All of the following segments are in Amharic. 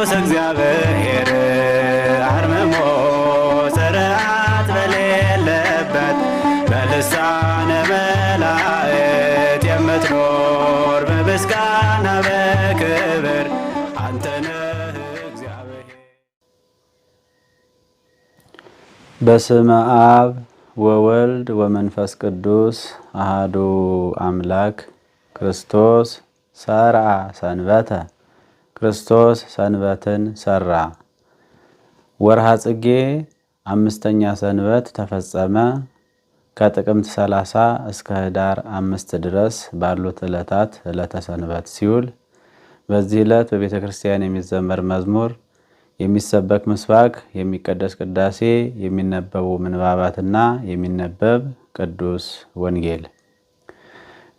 ቅዱስ እግዚአብሔር አርምሞ ስርዓት በሌለበት በልሳነ መላእክት የምትኖር በምስጋና በክብር አንተ እግዚአብሔር። በስመ አብ ወወልድ ወመንፈስ ቅዱስ አሃዱ አምላክ ክርስቶስ ሰርዐ ሰንበተ ክርስቶስ ሰንበትን ሰራ። ወርሃ ጽጌ አምስተኛ ሰንበት ተፈጸመ። ከጥቅምት 30 እስከ ህዳር አምስት ድረስ ባሉት ዕለታት ዕለተ ሰንበት ሲውል በዚህ ዕለት በቤተ ክርስቲያን የሚዘመር መዝሙር፣ የሚሰበክ ምስባክ፣ የሚቀደስ ቅዳሴ፣ የሚነበቡ ምንባባትና የሚነበብ ቅዱስ ወንጌል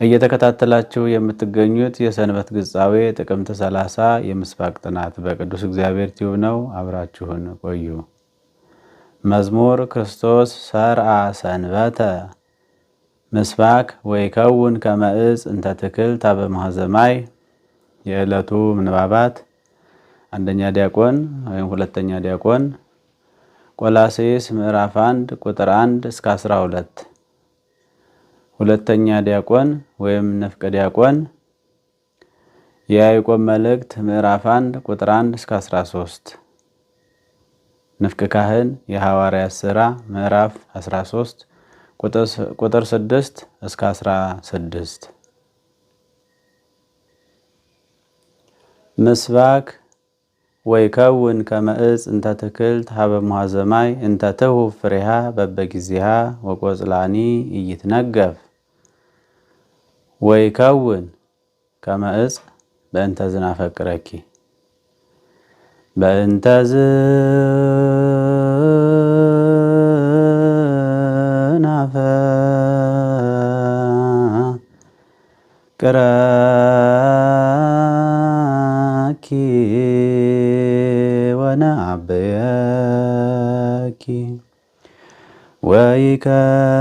እየተከታተላችሁ የምትገኙት የሰንበት ግጻዌ ጥቅምት 30 የምስባክ ጥናት በቅዱስ እግዚአብሔር ቲዩብ ነው። አብራችሁን ቆዩ። መዝሙር ክርስቶስ ሰርአ ሰንበተ ምስባክ ወይከውን ከመ ዕፅ እንተ ትክል ታበ ማይ። የዕለቱ ምንባባት አንደኛ ዲያቆን ወይም ሁለተኛ ዲያቆን ቆላሴስ ምዕራፍ 1 ቁጥር 1 እስከ 12 ሁለተኛ ዲያቆን ወይም ንፍቀ ዲያቆን የያዕቆብ መልእክት ምዕራፍ 1 ቁጥር 1 እስከ 13። ንፍቅ ካህን የሐዋርያ ሥራ ምዕራፍ 13 ቁጥር 6 እስከ 16። ምስባክ ወይከውን ከመ ዕፅ እንተ ትክልት ሀበ ሙሃ ዘማይ እንተ ትሁብ ፍሬሃ በበ ወቆጽላኒ ኢይትነገፍ ويكون كما إز بأنت زنا فكركي بأنت زنا فكركي ونعبيكي ويكون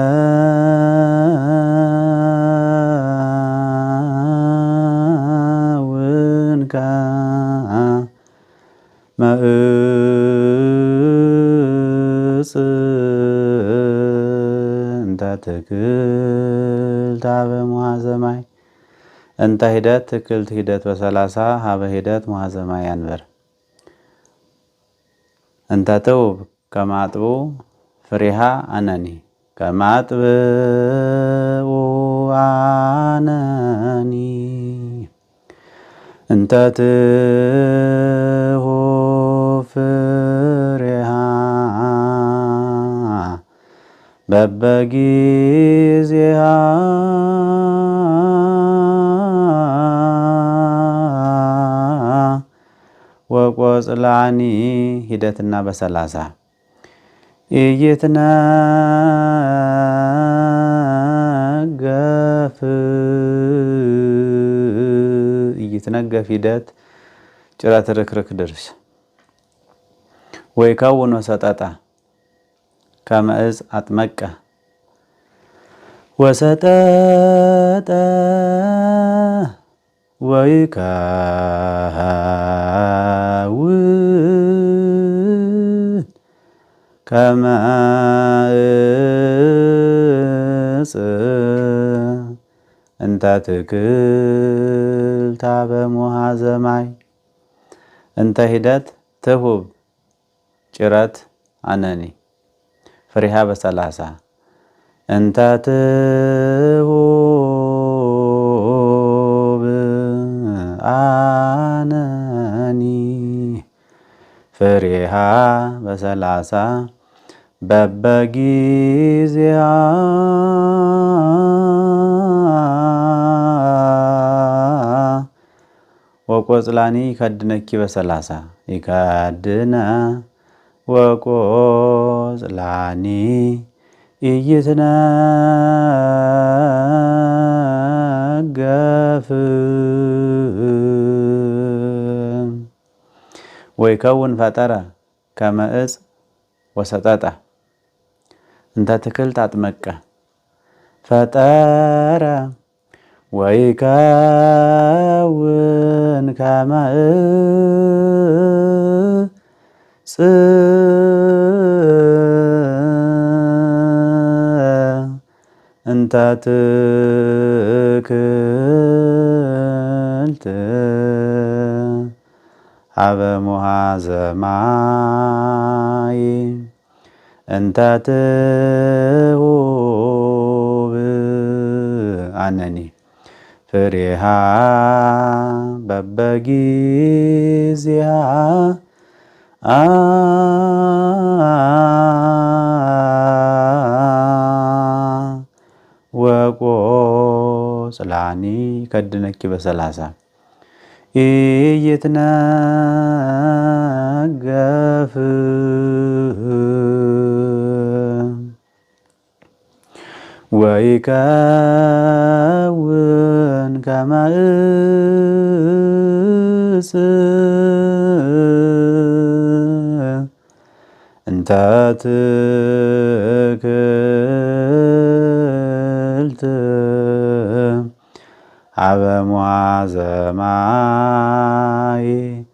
ትክልት ሀበ ሙሐዘማይ እንተ ሂደት ትክልት ሂደት በሰላሳ ሀበ ሂደት ሙሐዘማይ አንበር እንተ ትውብ ከማጥቡ ፍሬሃ አነኒ ከማጥብኡ አነኒ እንተ በበጊዜሃ ወቆጽላኒ ሂደትና በሰላሳ ኢይትነገፍ ኢይትነገፍ ሂደት ጭረት ርክርክ ድርስ ወይ ከውኖ ሰጠጣ كمئز أتمكة وستاتا ويكاون كما እንተ ትክልታ በሙሃዘ ማይ እንተ ሂደት ትሁብ ጭረት አነኒ ፍሬሃ በሰላሳ እንተ ትሁብ አነኒ ፍሬሃ በሰላሳ በበጊዜያ ወቆጽላኒ ይከድነኪ በሰላሳ ይከድነ ወቆዝ ላኒ ኢይትነገፍ ወይከውን ፈጠረ ከመ ዕፅ ወሰጠጠ እንተ ትክልት አጥመቀ ፈጠረ ወይከውን ከመ እንታትክልት ሀበ ሙሃዘ ማይ እንታትውብ አነኒ ፍሬሃ በበጊዜያ ወቆጽላኒ ከድነኪ በሰላሳ ኢይትነገፍ ወይከውን ከመ እጽ انت تكلت عبا معي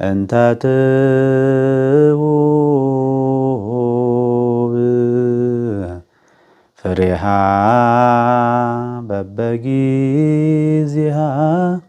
انت تهوب فريحا ببقي زيها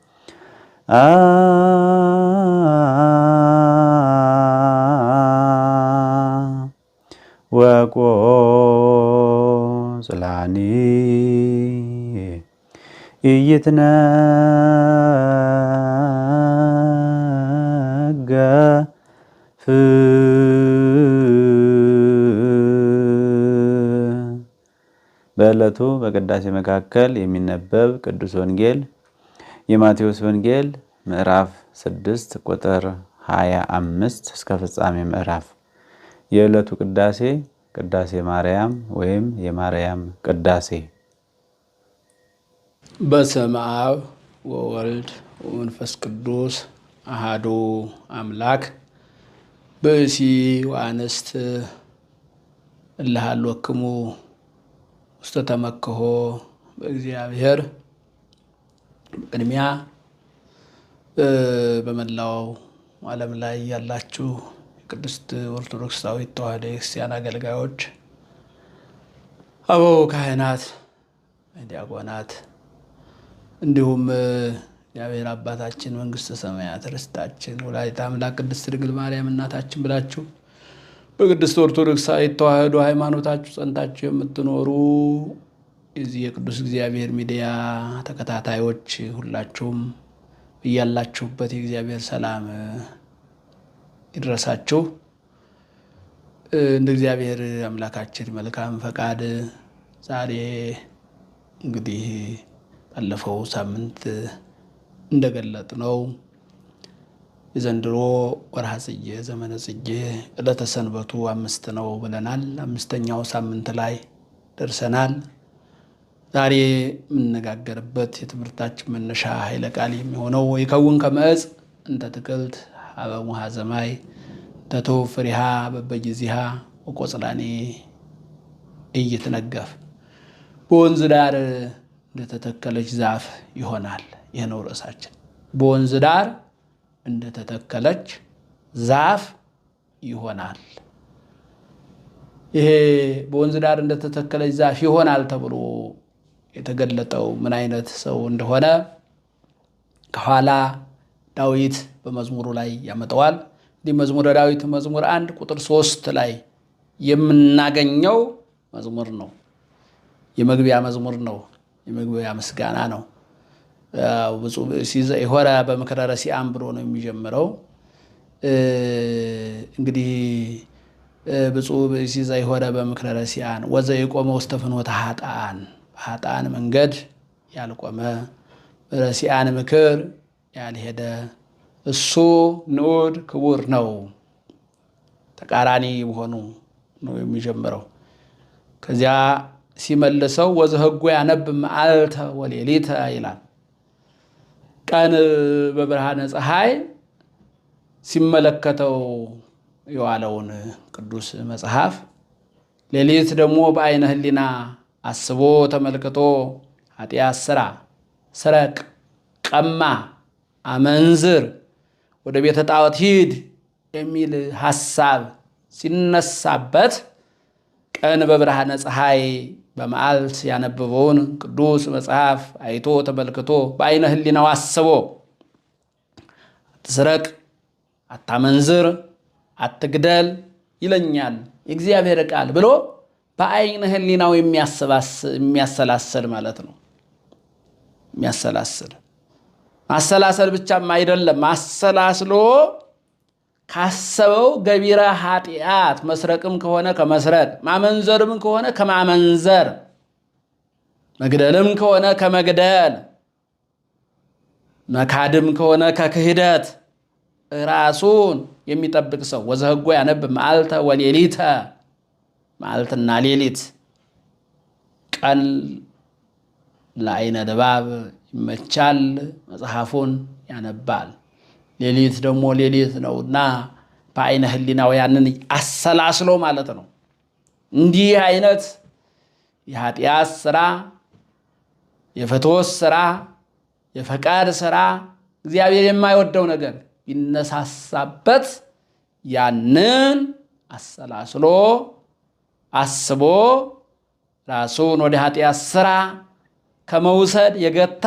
ትንቢት ነገፍ በዕለቱ በቅዳሴ መካከል የሚነበብ ቅዱስ ወንጌል የማቴዎስ ወንጌል ምዕራፍ 6 ቁጥር 25 እስከ ፍጻሜ ምዕራፍ። የዕለቱ ቅዳሴ ቅዳሴ ማርያም ወይም የማርያም ቅዳሴ በስመ አብ ወወልድ ወመንፈስ ቅዱስ አሃዱ አምላክ ብእሲ ወአንስት ወክሙ ውስተ ተመክሖ በእግዚአብሔር። ቅድሚያ በመላው ዓለም ላይ ያላችሁ የቅድስት ኦርቶዶክሳዊት ተዋሕዶ ክርስቲያን አገልጋዮች፣ አበው ካህናት፣ ዲያቆናት እንዲሁም እግዚአብሔር አባታችን መንግስት ሰማያት ርስታችን ወላዲተ አምላክ ቅድስት ድንግል ማርያም እናታችን ብላችሁ በቅድስት ኦርቶዶክሳዊት ተዋሕዶ ሃይማኖታችሁ ጸንታችሁ የምትኖሩ የዚህ የቅዱስ እግዚአብሔር ሚዲያ ተከታታዮች ሁላችሁም እያላችሁበት የእግዚአብሔር ሰላም ይድረሳችሁ። እንደ እግዚአብሔር አምላካችን መልካም ፈቃድ ዛሬ እንግዲህ ባለፈው ሳምንት እንደገለጥ ነው የዘንድሮ ወርሃ ጽጌ ዘመነ ጽጌ ዕለተ ሰንበቱ አምስት ነው ብለናል። አምስተኛው ሳምንት ላይ ደርሰናል። ዛሬ የምነጋገርበት የትምህርታችን መነሻ ኃይለ ቃል የሚሆነው ይከውን ከመዕፅ እንተ ትክልት ሀበ ሙሃ ዘማይ ተቶ ፍሪሃ በበጊዜሃ ወቆጽላኔ እይትነገፍ በወንዝ ዳር እንደተተከለች ዛፍ ይሆናል። ይህ ነው ርዕሳችን። በወንዝ ዳር እንደተተከለች ዛፍ ይሆናል። ይሄ በወንዝ ዳር እንደተተከለች ዛፍ ይሆናል ተብሎ የተገለጠው ምን አይነት ሰው እንደሆነ ከኋላ ዳዊት በመዝሙሩ ላይ ያመጠዋል። እንዲህ መዝሙረ ዳዊት መዝሙር አንድ ቁጥር ሶስት ላይ የምናገኘው መዝሙር ነው። የመግቢያ መዝሙር ነው። የመግቢያ ምስጋና ነው። ሆረ በምክረ ረሲአን ብሎ ነው የሚጀምረው። እንግዲህ ብፁዕ ብእሲ ዘይሆረ በምክረ ረሲአን ወዘ የቆመ ውስተ ፍኖተ ሀጣን በሀጣን መንገድ ያልቆመ ረሲአን ምክር ያልሄደ እሱ ንዑድ ክቡር ነው። ተቃራኒ በሆኑ ነው የሚጀምረው ከዚያ ሲመልሰው ወዘህጎ ያነብ መዓልተ ወሌሊተ ይላል። ቀን በብርሃነ ፀሐይ ሲመለከተው የዋለውን ቅዱስ መጽሐፍ፣ ሌሊት ደግሞ በአይነ ህሊና አስቦ ተመልክቶ ኃጢአት ስራ፣ ስረቅ፣ ቀማ፣ አመንዝር፣ ወደ ቤተ ጣዖት ሂድ የሚል ሀሳብ ሲነሳበት ቀን በብርሃነ ፀሐይ በመዓልት ያነበበውን ቅዱስ መጽሐፍ አይቶ ተመልክቶ በአይነ ህሊናው አስቦ አትስረቅ፣ አታመንዝር፣ አትግደል ይለኛል የእግዚአብሔር ቃል ብሎ በአይነ ህሊናው የሚያሰላሰል ማለት ነው። የሚያሰላስል ማሰላሰል ብቻም አይደለም አሰላስሎ ካሰበው ገቢረ ኃጢአት መስረቅም ከሆነ ከመስረቅ ማመንዘርም ከሆነ ከማመንዘር መግደልም ከሆነ ከመግደል መካድም ከሆነ ከክህደት ራሱን የሚጠብቅ ሰው ወዘህጎ ያነብ መዓልተ ወሌሊተ መዓልትና ሌሊት ቀን ለአይነ ድባብ ይመቻል፣ መጽሐፉን ያነባል። ሌሊት ደግሞ ሌሊት ነው እና በአይነ ህሊናው ያንን አሰላስሎ ማለት ነው። እንዲህ አይነት የኃጢአት ስራ፣ የፈቶስ ስራ፣ የፈቃድ ስራ እግዚአብሔር የማይወደው ነገር ቢነሳሳበት ያንን አሰላስሎ አስቦ ራሱን ወደ ኃጢአት ስራ ከመውሰድ የገታ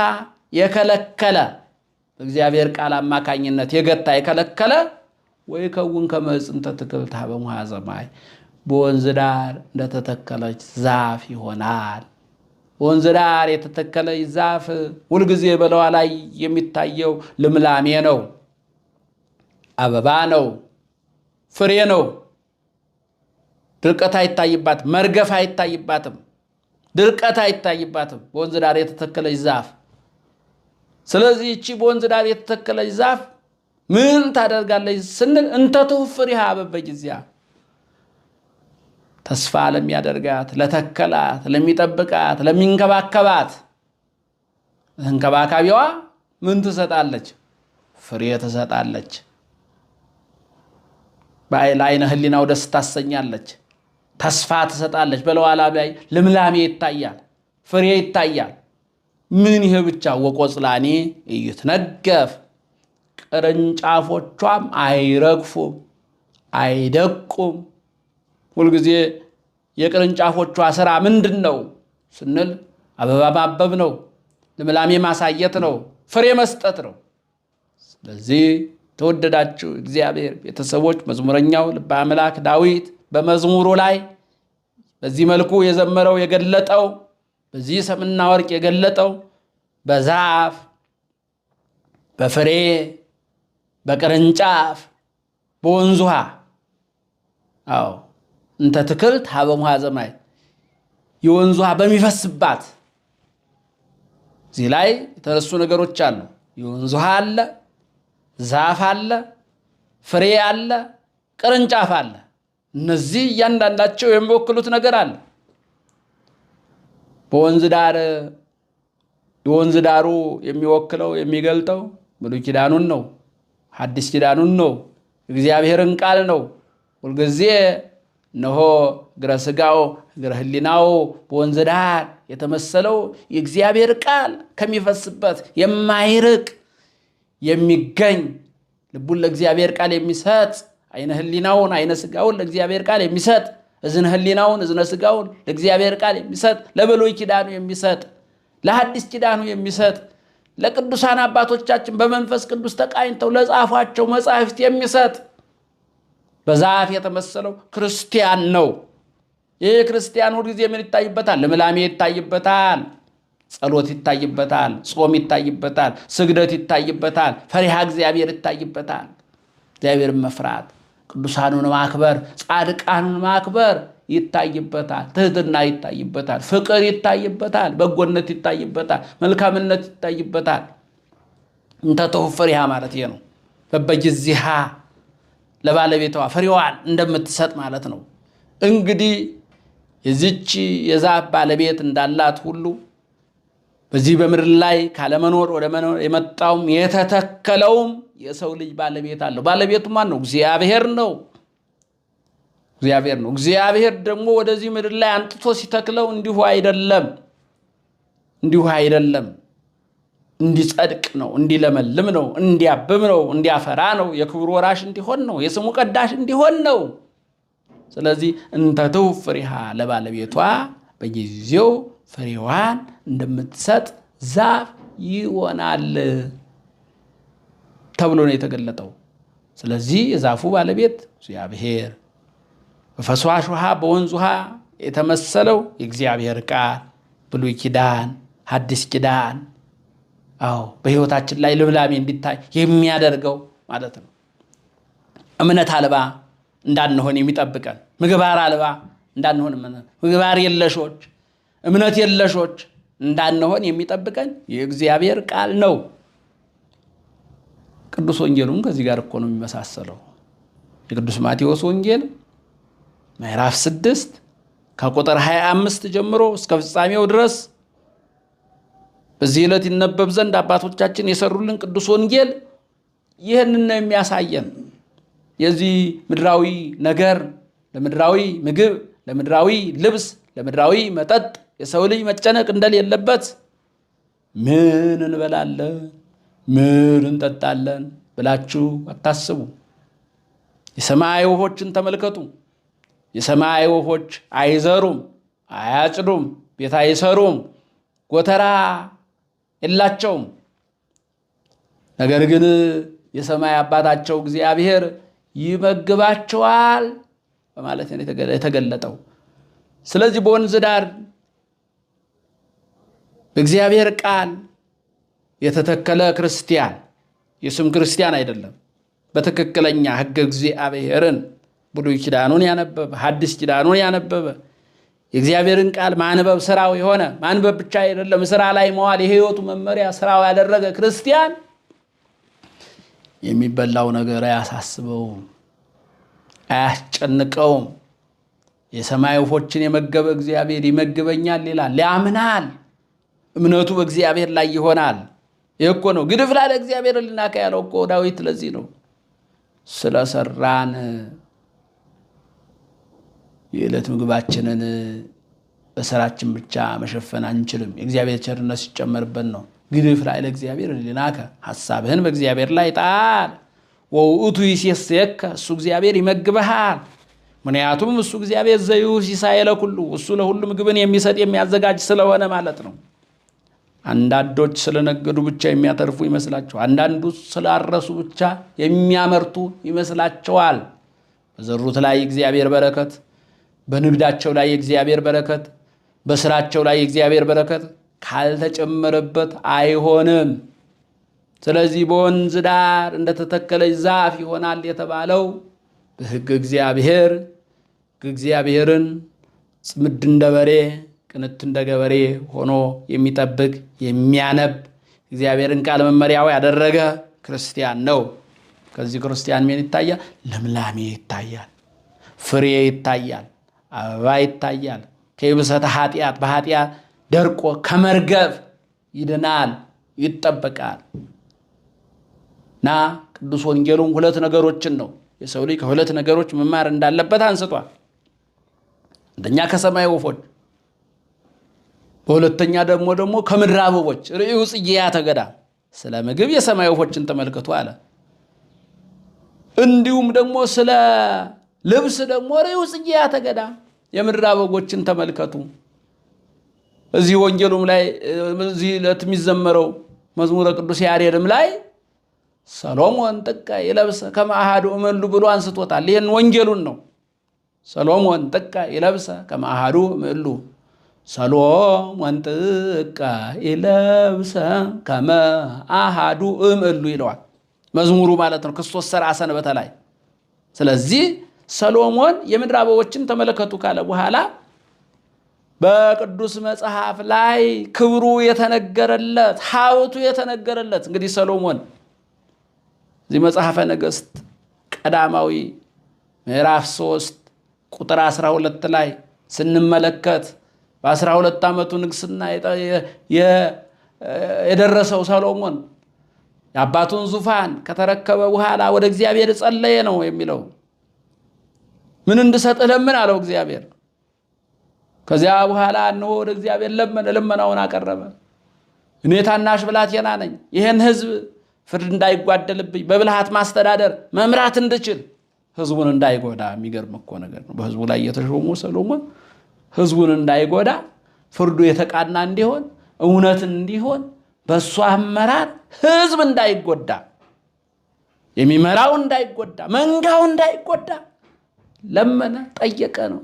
የከለከለ በእግዚአብሔር ቃል አማካኝነት የገታ የከለከለ ወይ ከውን ከመዕፅምተ ትክልት በሙሃ ሰማይ በወንዝ ዳር እንደተተከለች ዛፍ ይሆናል። በወንዝ ዳር የተተከለች ዛፍ ሁልጊዜ በለዋ ላይ የሚታየው ልምላሜ ነው፣ አበባ ነው፣ ፍሬ ነው። ድርቀት አይታይባትም፣ መርገፍ አይታይባትም፣ ድርቀት አይታይባትም። በወንዝ ዳር የተተከለች ዛፍ ስለዚህ እቺ በወንዝ ዳር የተተከለች ዛፍ ምን ታደርጋለች ስንል እንተ ትውፍሪሃ አበበ ጊዜያ ተስፋ ለሚያደርጋት፣ ለተከላት፣ ለሚጠብቃት፣ ለሚንከባከባት እንከባካቢዋ ምን ትሰጣለች? ፍሬ ትሰጣለች። ለአይነ ህሊናው ደስ ታሰኛለች። ተስፋ ትሰጣለች። በለዋላ ላይ ልምላሜ ይታያል፣ ፍሬ ይታያል። ምን ይሄ ብቻ ወቆጽላኔ እይትነገፍ ቅርንጫፎቿም አይረግፉም አይደቁም። ሁልጊዜ የቅርንጫፎቿ ስራ ምንድን ነው ስንል አበባ ማበብ ነው፣ ልምላሜ ማሳየት ነው፣ ፍሬ መስጠት ነው። ስለዚህ ተወደዳችሁ እግዚአብሔር ቤተሰቦች መዝሙረኛው ልበ አምላክ ዳዊት በመዝሙሩ ላይ በዚህ መልኩ የዘመረው የገለጠው እዚህ ሰምና ወርቅ የገለጠው በዛፍ በፍሬ በቅርንጫፍ በወንዝ ውሃ አዎ እንተ ትክልት ሀበም ዘማይ የወንዝ ውሃ በሚፈስባት እዚህ ላይ የተነሱ ነገሮች አሉ። የወንዝ ውሃ አለ፣ ዛፍ አለ፣ ፍሬ አለ፣ ቅርንጫፍ አለ። እነዚህ እያንዳንዳቸው የሚወክሉት ነገር አለ። በወንዝ ዳር የወንዝ ዳሩ የሚወክለው የሚገልጠው ብሉይ ኪዳኑን ነው፣ ሐዲስ ኪዳኑን ነው፣ እግዚአብሔርን ቃል ነው። ሁልጊዜ እነሆ እግረ ስጋው እግረ ህሊናው በወንዝ ዳር የተመሰለው የእግዚአብሔር ቃል ከሚፈስበት የማይርቅ የሚገኝ ልቡን ለእግዚአብሔር ቃል የሚሰጥ አይነ ህሊናውን አይነ ስጋውን ለእግዚአብሔር ቃል የሚሰጥ እዝነ ህሊናውን እዝነ ስጋውን ለእግዚአብሔር ቃል የሚሰጥ ለብሉይ ኪዳኑ የሚሰጥ ለሐዲስ ኪዳኑ የሚሰጥ ለቅዱሳን አባቶቻችን በመንፈስ ቅዱስ ተቃኝተው ለጻፏቸው መጻሕፍት የሚሰጥ በዛፍ የተመሰለው ክርስቲያን ነው። ይህ ክርስቲያን ሁልጊዜ ምን ይታይበታል? ልምላሜ ይታይበታል፣ ጸሎት ይታይበታል፣ ጾም ይታይበታል፣ ስግደት ይታይበታል፣ ፈሪሃ እግዚአብሔር ይታይበታል፣ እግዚአብሔርን መፍራት ቅዱሳኑን ማክበር፣ ጻድቃኑን ማክበር ይታይበታል። ትህትና ይታይበታል። ፍቅር ይታይበታል። በጎነት ይታይበታል። መልካምነት ይታይበታል። እንተ ያ ማለት ይሄ ነው። በበጊዜሃ ለባለቤቷ ፍሬዋን እንደምትሰጥ ማለት ነው። እንግዲህ የዚች የዛፍ ባለቤት እንዳላት ሁሉ በዚህ በምድር ላይ ካለመኖር ወደ መኖር የመጣውም የተተከለውም የሰው ልጅ ባለቤት አለው። ባለቤቱ ማን ነው? እግዚአብሔር ነው። እግዚአብሔር ነው። እግዚአብሔር ደግሞ ወደዚህ ምድር ላይ አንጥቶ ሲተክለው እንዲሁ አይደለም፣ እንዲሁ አይደለም። እንዲጸድቅ ነው፣ እንዲለመልም ነው፣ እንዲያብብ ነው፣ እንዲያፈራ ነው፣ የክብሩ ወራሽ እንዲሆን ነው፣ የስሙ ቀዳሽ እንዲሆን ነው። ስለዚህ እንተ ለባለቤቷ በጊዜው ፍሬዋን እንደምትሰጥ ዛፍ ይሆናል ተብሎ ነው የተገለጠው። ስለዚህ የዛፉ ባለቤት እግዚአብሔር፣ በፈስዋሽ ውሃ በወንዝ ውሃ የተመሰለው የእግዚአብሔር ቃል ብሉይ ኪዳን፣ ሀዲስ ኪዳን አዎ በሕይወታችን ላይ ልምላሜ እንዲታይ የሚያደርገው ማለት ነው። እምነት አልባ እንዳንሆን የሚጠብቀን ምግባር አልባ እንዳንሆን ምግባር የለሾች እምነት የለሾች እንዳንሆን የሚጠብቀን የእግዚአብሔር ቃል ነው። ቅዱስ ወንጌሉም ከዚህ ጋር እኮ ነው የሚመሳሰለው። የቅዱስ ማቴዎስ ወንጌል ምዕራፍ ስድስት ከቁጥር 25 ጀምሮ እስከ ፍጻሜው ድረስ በዚህ ዕለት ይነበብ ዘንድ አባቶቻችን የሰሩልን ቅዱስ ወንጌል ይህንን ነው የሚያሳየን። የዚህ ምድራዊ ነገር ለምድራዊ ምግብ፣ ለምድራዊ ልብስ፣ ለምድራዊ መጠጥ የሰው ልጅ መጨነቅ እንደሌለበት ምን እንበላለን፣ ምን እንጠጣለን ብላችሁ አታስቡ። የሰማይ ወፎችን ተመልከቱ። የሰማይ ወፎች አይዘሩም፣ አያጭዱም፣ ቤት አይሰሩም፣ ጎተራ የላቸውም። ነገር ግን የሰማይ አባታቸው እግዚአብሔር ይመግባቸዋል በማለት የተገለጠው። ስለዚህ በወንዝ ዳር በእግዚአብሔር ቃል የተተከለ ክርስቲያን የስም ክርስቲያን አይደለም። በትክክለኛ ሕገ እግዚአብሔርን ብሉይ ኪዳኑን ያነበበ ሐዲስ ኪዳኑን ያነበበ የእግዚአብሔርን ቃል ማንበብ ስራው የሆነ ማንበብ ብቻ አይደለም፣ ስራ ላይ መዋል የህይወቱ መመሪያ ስራው ያደረገ ክርስቲያን የሚበላው ነገር አያሳስበውም፣ አያስጨንቀውም። የሰማይ ወፎችን የመገበ እግዚአብሔር ይመግበኛል ይላል፣ ያምናል። እምነቱ በእግዚአብሔር ላይ ይሆናል። ይህ እኮ ነው ግድፍ ላለ እግዚአብሔር ልናካ ያለው እኮ ዳዊት። ለዚህ ነው ስለሰራን የዕለት ምግባችንን በሰራችን ብቻ መሸፈን አንችልም። የእግዚአብሔር ቸርነት ሲጨመርበት ነው። ግድፍ ላዕለ እግዚአብሔር ልናከ፣ ሀሳብህን በእግዚአብሔር ላይ ጣል። ወውእቱ ይሴስየከ፣ እሱ እግዚአብሔር ይመግብሃል። ምክንያቱም እሱ እግዚአብሔር ዘይሁ ሲሳየለ ኩሉ፣ እሱ ለሁሉ ምግብን የሚሰጥ የሚያዘጋጅ ስለሆነ ማለት ነው። አንዳንዶች ስለነገዱ ብቻ የሚያተርፉ ይመስላቸዋል። አንዳንዱ ስላረሱ ብቻ የሚያመርቱ ይመስላቸዋል። በዘሩት ላይ የእግዚአብሔር በረከት፣ በንግዳቸው ላይ የእግዚአብሔር በረከት፣ በስራቸው ላይ የእግዚአብሔር በረከት ካልተጨመረበት አይሆንም። ስለዚህ በወንዝ ዳር እንደተተከለች ዛፍ ይሆናል የተባለው በሕግ እግዚአብሔር ሕግ እግዚአብሔርን ጽምድ እንደ በሬ ቅንት እንደ ገበሬ ሆኖ የሚጠብቅ የሚያነብ እግዚአብሔርን ቃል መመሪያው ያደረገ ክርስቲያን ነው። ከዚህ ክርስቲያን ምን ይታያል? ልምላሜ ይታያል፣ ፍሬ ይታያል፣ አበባ ይታያል። ከይብሰተ ኃጢአት በኃጢአት ደርቆ ከመርገፍ ይድናል፣ ይጠበቃል። እና ቅዱስ ወንጌሉም ሁለት ነገሮችን ነው የሰው ልጅ ከሁለት ነገሮች መማር እንዳለበት አንስቷል። አንደኛ ከሰማይ ወፎች በሁለተኛ ደግሞ ደግሞ ከምድር አበቦች ርእዩ ጽጌያ ተገዳ ስለ ምግብ የሰማይ ወፎችን ተመልከቱ አለ። እንዲሁም ደግሞ ስለ ልብስ ደግሞ ርእዩ ጽጌያ ተገዳ የምድር አበቦችን ተመልከቱ። እዚህ ወንጌሉም ላይ እዚህ ዕለት የሚዘመረው መዝሙረ ቅዱስ ያሬድም ላይ ሰሎሞን ጥቀ ይለብሰ ከማአሃዱ እመሉ ብሎ አንስቶታል። ይህን ወንጌሉን ነው። ሰሎሞን ጥቀ ይለብሰ ከማአሃዱ እምሉ ሰሎም ወንጥቀ ይለብሰ ከመ አሃዱ እምእሉ ይለዋል መዝሙሩ ማለት ነው። ክርስቶስ ሰራሰን ሰንበተ ላይ። ስለዚህ ሰሎሞን የምድር አበቦችን ተመለከቱ ካለ በኋላ በቅዱስ መጽሐፍ ላይ ክብሩ የተነገረለት ሀብቱ የተነገረለት እንግዲህ ሰሎሞን እዚህ መጽሐፈ ነገሥት ቀዳማዊ ምዕራፍ ሶስት ቁጥር ሁለት ላይ ስንመለከት በአስራ ሁለት ዓመቱ ንግስና የደረሰው ሰሎሞን የአባቱን ዙፋን ከተረከበ በኋላ ወደ እግዚአብሔር ጸለየ ነው የሚለው። ምን እንድሰጥህ ለምን አለው እግዚአብሔር። ከዚያ በኋላ እንሆ ወደ እግዚአብሔር ለመነ፣ ልመናውን አቀረበ። እኔ ታናሽ ብላቴና ነኝ፣ ይህን ህዝብ ፍርድ እንዳይጓደልብኝ በብልሃት ማስተዳደር መምራት እንድችል፣ ህዝቡን እንዳይጎዳ። የሚገርም እኮ ነገር ነው። በህዝቡ ላይ የተሾሙ ሰሎሞን ህዝቡን እንዳይጎዳ ፍርዱ የተቃና እንዲሆን እውነት እንዲሆን በእሱ አመራር ህዝብ እንዳይጎዳ የሚመራው እንዳይጎዳ መንጋው እንዳይጎዳ ለመነ፣ ጠየቀ ነው።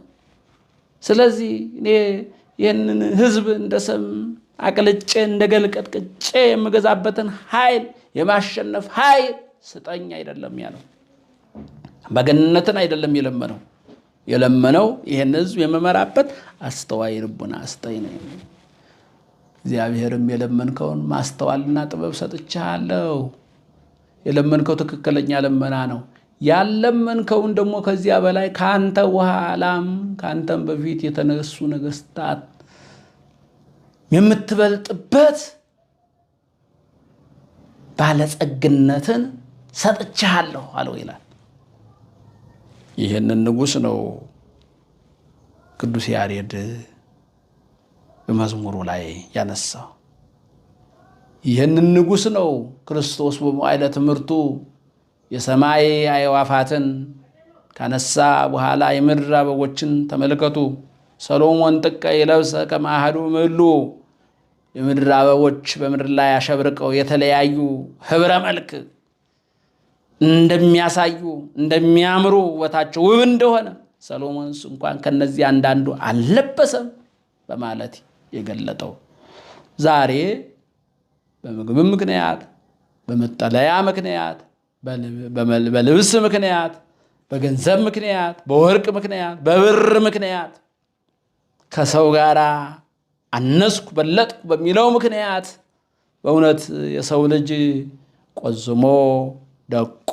ስለዚህ እኔ ይህንን ህዝብ እንደ ሰም አቅልጬ እንደ ገልቀጥቅጬ የምገዛበትን ኃይል የማሸነፍ ኃይል ስጠኝ አይደለም ያለው፣ አምባገነንነትን አይደለም የለመነው የለመነው ይህን ህዝብ የመመራበት አስተዋይ ልቡና አስተይ ነው። እግዚአብሔርም የለመንከውን ማስተዋልና ጥበብ ሰጥቻለሁ። የለመንከው ትክክለኛ ልመና ነው። ያለመንከውን ደግሞ ከዚያ በላይ ከአንተ ኋላም ከአንተም በፊት የተነሱ ነገስታት የምትበልጥበት ባለጸግነትን ሰጥቻለሁ አለው ይላል። ይህንን ንጉሥ ነው ቅዱስ ያሬድ በመዝሙሩ ላይ ያነሳው። ይህንን ንጉሥ ነው ክርስቶስ በመዋዕለ ትምህርቱ የሰማይ አእዋፋትን ካነሳ በኋላ የምድር አበቦችን ተመልከቱ። ሰሎሞን ጥቀ ይለብሰ ከማህዱ ምሉ የምድር አበቦች በምድር ላይ አሸብርቀው የተለያዩ ህብረ መልክ እንደሚያሳዩ እንደሚያምሩ ውበታቸው ውብ እንደሆነ ሰሎሞንስ እንኳን ከነዚህ አንዳንዱ አልለበሰም በማለት የገለጠው ዛሬ በምግብ ምክንያት፣ በመጠለያ ምክንያት፣ በልብስ ምክንያት፣ በገንዘብ ምክንያት፣ በወርቅ ምክንያት፣ በብር ምክንያት ከሰው ጋር አነስኩ በለጥኩ በሚለው ምክንያት በእውነት የሰው ልጅ ቆዝሞ ደቆ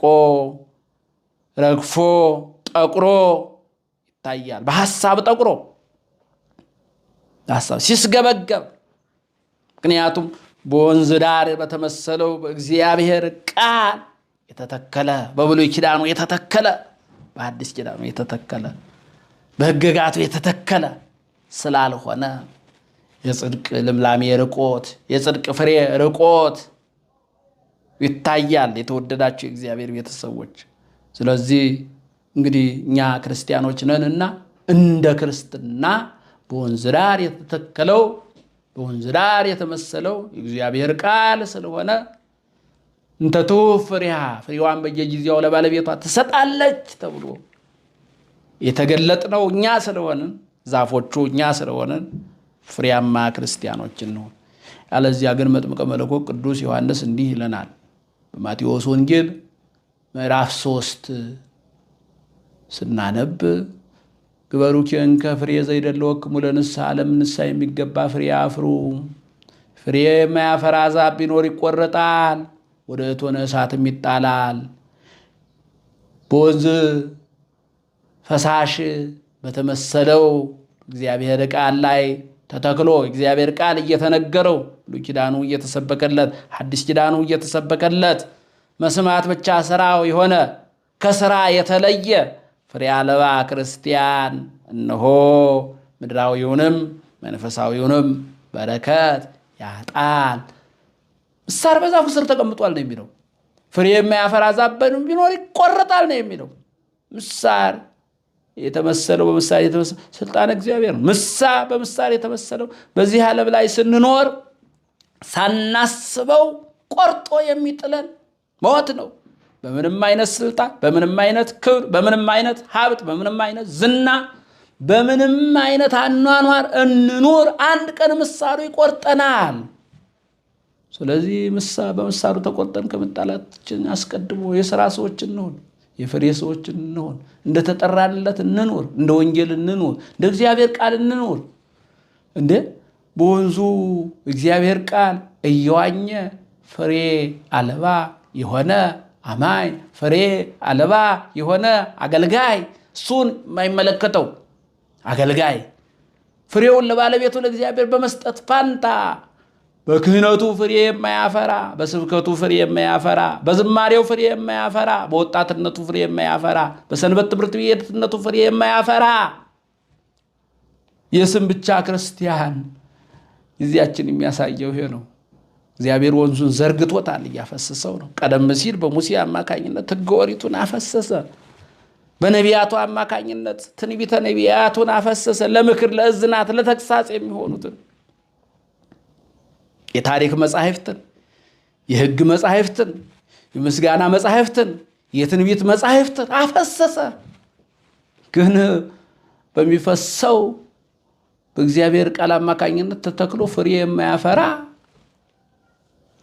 ረግፎ ጠቁሮ ይታያል። በሀሳብ ጠቁሮ ሀሳብ ሲስገበገብ፣ ምክንያቱም በወንዝ ዳር በተመሰለው በእግዚአብሔር ቃል የተተከለ በብሉይ ኪዳኑ የተተከለ በአዲስ ኪዳኑ የተተከለ በሕግጋቱ የተተከለ ስላልሆነ የጽድቅ ልምላሜ ርቆት የጽድቅ ፍሬ ርቆት ይታያል። የተወደዳቸው የእግዚአብሔር ቤተሰቦች፣ ስለዚህ እንግዲህ እኛ ክርስቲያኖች ነንና እንደ ክርስትና በወንዝ ዳር የተተከለው በወንዝ ዳር የተመሰለው የእግዚአብሔር ቃል ስለሆነ እንተቱ ፍሬሃ ፍሬዋን በየጊዜው ለባለቤቷ ትሰጣለች ተብሎ የተገለጥነው እኛ ስለሆንን ዛፎቹ እኛ ስለሆንን ፍሬያማ ክርስቲያኖች እንሆን። ያለዚያ ግን መጥምቀ መለኮት ቅዱስ ዮሐንስ እንዲህ ይለናል። በማቴዎስ ወንጌል ምዕራፍ ሶስት ስናነብ ግበሩ ከፍሬ ፍሬ ዘይደለወክሙ ለንስሐ ለምንስሐ የሚገባ ፍሬ አፍሩ። ፍሬ የማያፈራ ዛፍ ቢኖር ይቆረጣል፣ ወደ እቶነ እሳትም ይጣላል። በወንዝ ፈሳሽ በተመሰለው እግዚአብሔር ቃል ላይ ተተክሎ እግዚአብሔር ቃል እየተነገረው ብሉይ ኪዳኑ እየተሰበከለት ሐዲስ ኪዳኑ እየተሰበከለት መስማት ብቻ ስራው የሆነ ከስራ የተለየ ፍሬ አልባ ክርስቲያን እነሆ ምድራዊውንም መንፈሳዊውንም በረከት ያጣል። ምሳር በዛፉ ስር ተቀምጧል ነው የሚለው። ፍሬ የማያፈራ ዛፍ ቢኖር ይቆረጣል ነው የሚለው ምሳር የተመሰለው በምሳሌ የተመሰለው ስልጣን እግዚአብሔር ነው። ምሳ በምሳሌ የተመሰለው በዚህ ዓለም ላይ ስንኖር ሳናስበው ቆርጦ የሚጥለን ሞት ነው። በምንም አይነት ስልጣን፣ በምንም አይነት ክብር፣ በምንም አይነት ሀብት፣ በምንም አይነት ዝና፣ በምንም አይነት አኗኗር እንኑር አንድ ቀን ምሳሉ ይቆርጠናል። ስለዚህ ምሳ በምሳሉ ተቆርጠን ከመጣላችን አስቀድሞ የስራ ሰዎች እንሆን። የፍሬ ሰዎች እንሆን፣ እንደተጠራንለት እንኖር፣ እንደ ወንጌል እንኖር፣ እንደ እግዚአብሔር ቃል እንኖር። እንደ በወንዙ እግዚአብሔር ቃል እየዋኘ ፍሬ አልባ የሆነ አማኝ፣ ፍሬ አልባ የሆነ አገልጋይ፣ እሱን የማይመለከተው አገልጋይ ፍሬውን ለባለቤቱ ለእግዚአብሔር በመስጠት ፋንታ በክህነቱ ፍሬ የማያፈራ በስብከቱ ፍሬ የማያፈራ በዝማሬው ፍሬ የማያፈራ በወጣትነቱ ፍሬ የማያፈራ በሰንበት ትምህርት ቤትነቱ ፍሬ የማያፈራ የስም ብቻ ክርስቲያን ጊዜያችን የሚያሳየው ይሄ ነው። እግዚአብሔር ወንዙን ዘርግቶታል፣ እያፈሰሰው ነው። ቀደም ሲል በሙሴ አማካኝነት ሕገ ኦሪቱን አፈሰሰ። በነቢያቱ አማካኝነት ትንቢተ ነቢያቱን አፈሰሰ። ለምክር ለእዝናት ለተግሳጽ የሚሆኑትን የታሪክ መጻሕፍትን፣ የሕግ መጻሕፍትን፣ የምስጋና መጻሕፍትን፣ የትንቢት መጻሕፍትን አፈሰሰ። ግን በሚፈሰው በእግዚአብሔር ቃል አማካኝነት ተተክሎ ፍሬ የማያፈራ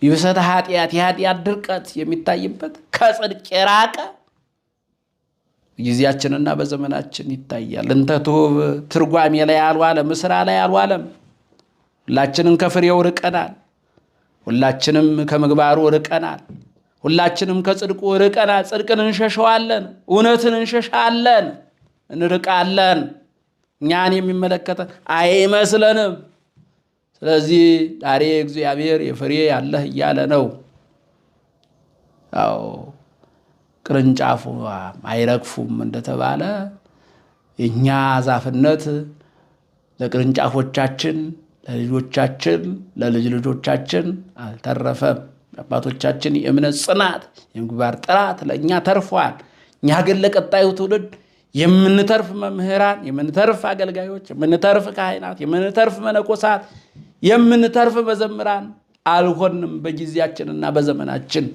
ይብሰት ኃጢአት፣ የኃጢአት ድርቀት የሚታይበት ከጽድቅ የራቀ ጊዜያችንና በዘመናችን ይታያል። እንተ ትሁብ ትርጓሜ ላይ አልዋለም፣ ስራ ላይ አልዋለም። ሁላችንም ከፍሬው ርቀናል። ሁላችንም ከምግባሩ ርቀናል። ሁላችንም ከጽድቁ ርቀናል። ጽድቅን እንሸሸዋለን፣ እውነትን እንሸሻለን፣ እንርቃለን። እኛን የሚመለከተ አይመስለንም። ስለዚህ ዳሬ እግዚአብሔር የፍሬ ያለህ እያለ ነው። ያው ቅርንጫፉ አይረግፉም እንደተባለ የእኛ ዛፍነት ለቅርንጫፎቻችን ለልጆቻችን ለልጅ ልጆቻችን አልተረፈም። አባቶቻችን የእምነት ጽናት፣ የምግባር ጥራት ለእኛ ተርፏል። እኛ ግን ለቀጣዩ ትውልድ የምንተርፍ መምህራን፣ የምንተርፍ አገልጋዮች፣ የምንተርፍ ካህናት፣ የምንተርፍ መነኮሳት፣ የምንተርፍ መዘምራን አልሆንም በጊዜያችንና በዘመናችን።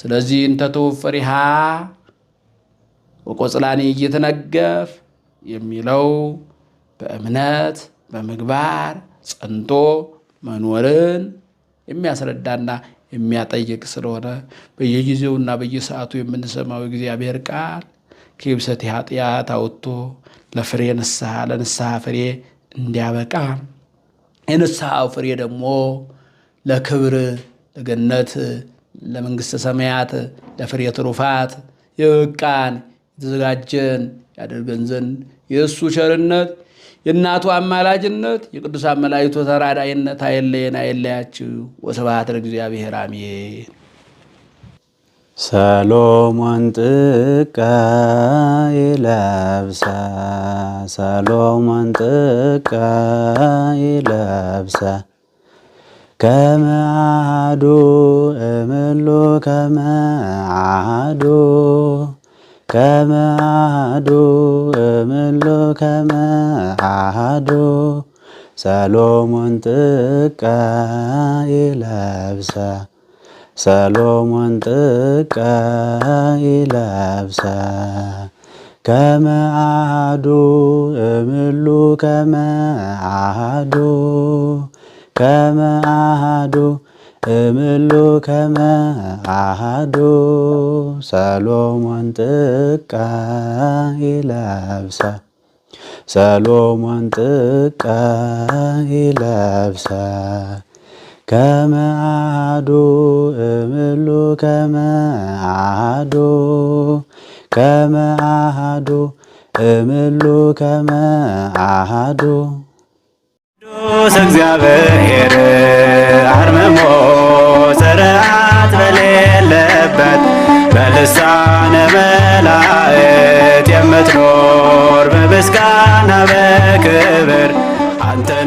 ስለዚህ እንተ ተወፈሪሃ ወቆጽላኔ እየተነገፍ የሚለው በእምነት በምግባር ጸንቶ መኖርን የሚያስረዳና የሚያጠይቅ ስለሆነ በየጊዜውና በየሰዓቱ የምንሰማው እግዚአብሔር ቃል ከይብሰት ኃጢአት አውጥቶ ለፍሬ ንስሐ ለንስሐ ፍሬ እንዲያበቃ የንስሐው ፍሬ ደግሞ ለክብር ለገነት ለመንግሥተ ሰማያት ለፍሬ ትሩፋት የበቃን የተዘጋጀን ያደርገን ዘንድ የእሱ ቸርነት የእናቱ አማላጅነት የቅዱሳን መላእክቱ ተራዳይነት አይለየን አይለያችሁ። ወስብሐት ለእግዚአብሔር አሜን። ሰሎሞን ጥቃ ይለብሳ ሰሎሞን ጥቃ ይለብሳ ከመ እምሉ ከመ ከመ አሐዱ እምሉ ከመ አሐዱ ሰሎሞን ጥቀ ይለብሰ ሰሎሞን ጥቀ ይለብሰ ከመ አሐዱ እምሉ ከመ አሐዱ ከመ አሐዱ እምሉ ከመ አሃዱ ሰሎሞን ጥቃ ይለብሰ ሰሎሞን ጥቃ ይለብሰ ከመ አሃዱ እምሉ ከመ አሃዱ ከመ አሃዱ እምሉ ከመ አሃዱ እግዚአብሔር አርምሞ ስርዓት በሌለበት በልሳነ መላእክት የምትኖር በምስጋና በክብር አንተ